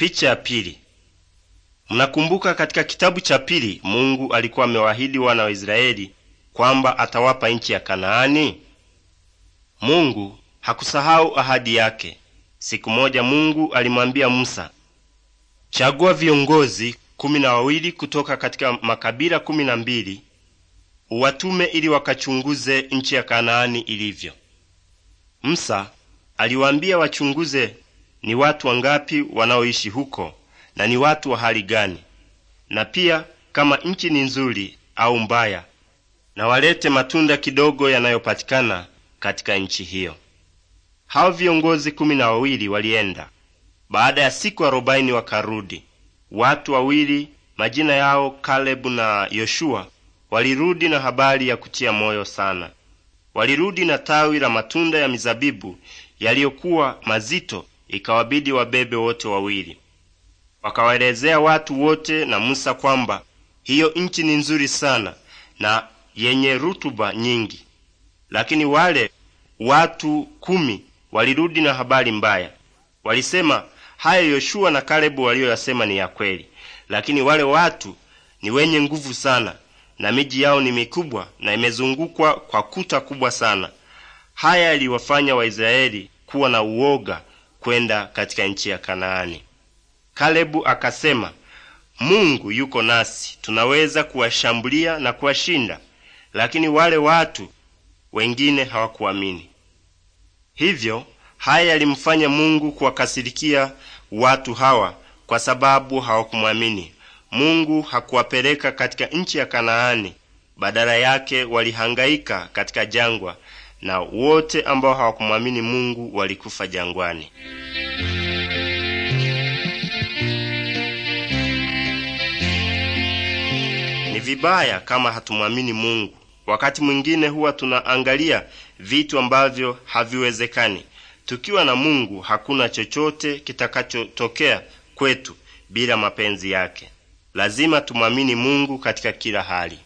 Picha ya pili. Mnakumbuka katika kitabu cha pili Mungu alikuwa amewaahidi wana wa Israeli kwamba atawapa nchi ya Kanaani. Mungu hakusahau ahadi yake. Siku moja Mungu alimwambia Musa, chagua viongozi kumi na wawili kutoka katika makabila kumi na mbili uwatume ili wakachunguze nchi ya Kanaani ilivyo. Musa aliwaambia wachunguze ni watu wangapi wanaoishi huko na ni watu wa hali gani? Na pia kama nchi ni nzuri au mbaya, na walete matunda kidogo yanayopatikana katika nchi hiyo. Hao viongozi kumi na wawili walienda. Baada ya siku arobaini wakarudi. Watu wawili majina yao Kalebu na Yoshua walirudi na habari ya kutia moyo sana. Walirudi na tawi la matunda ya mizabibu yaliyokuwa mazito ikawabidi wabebe wote wawili. Wakawaelezea watu wote na Musa kwamba hiyo nchi ni nzuri sana na yenye rutuba nyingi, lakini wale watu kumi walirudi na habari mbaya. Walisema hayo Yoshua na Kalebu waliyoyasema ni ya kweli, lakini wale watu ni wenye nguvu sana na miji yao ni mikubwa na imezungukwa kwa kuta kubwa sana. Haya yaliwafanya Waisraeli kuwa na uoga kwenda katika nchi ya Kanaani. Kalebu akasema, Mungu yuko nasi, tunaweza kuwashambulia na kuwashinda. Lakini wale watu wengine hawakuamini. Hivyo haya yalimfanya Mungu kuwakasirikia watu hawa kwa sababu hawakumwamini. Mungu hakuwapeleka katika nchi ya Kanaani, badala yake walihangaika katika jangwa na wote ambao hawakumwamini Mungu walikufa jangwani. Ni vibaya kama hatumwamini Mungu. Wakati mwingine huwa tunaangalia vitu ambavyo haviwezekani. Tukiwa na Mungu hakuna chochote kitakachotokea kwetu bila mapenzi yake. Lazima tumwamini Mungu katika kila hali.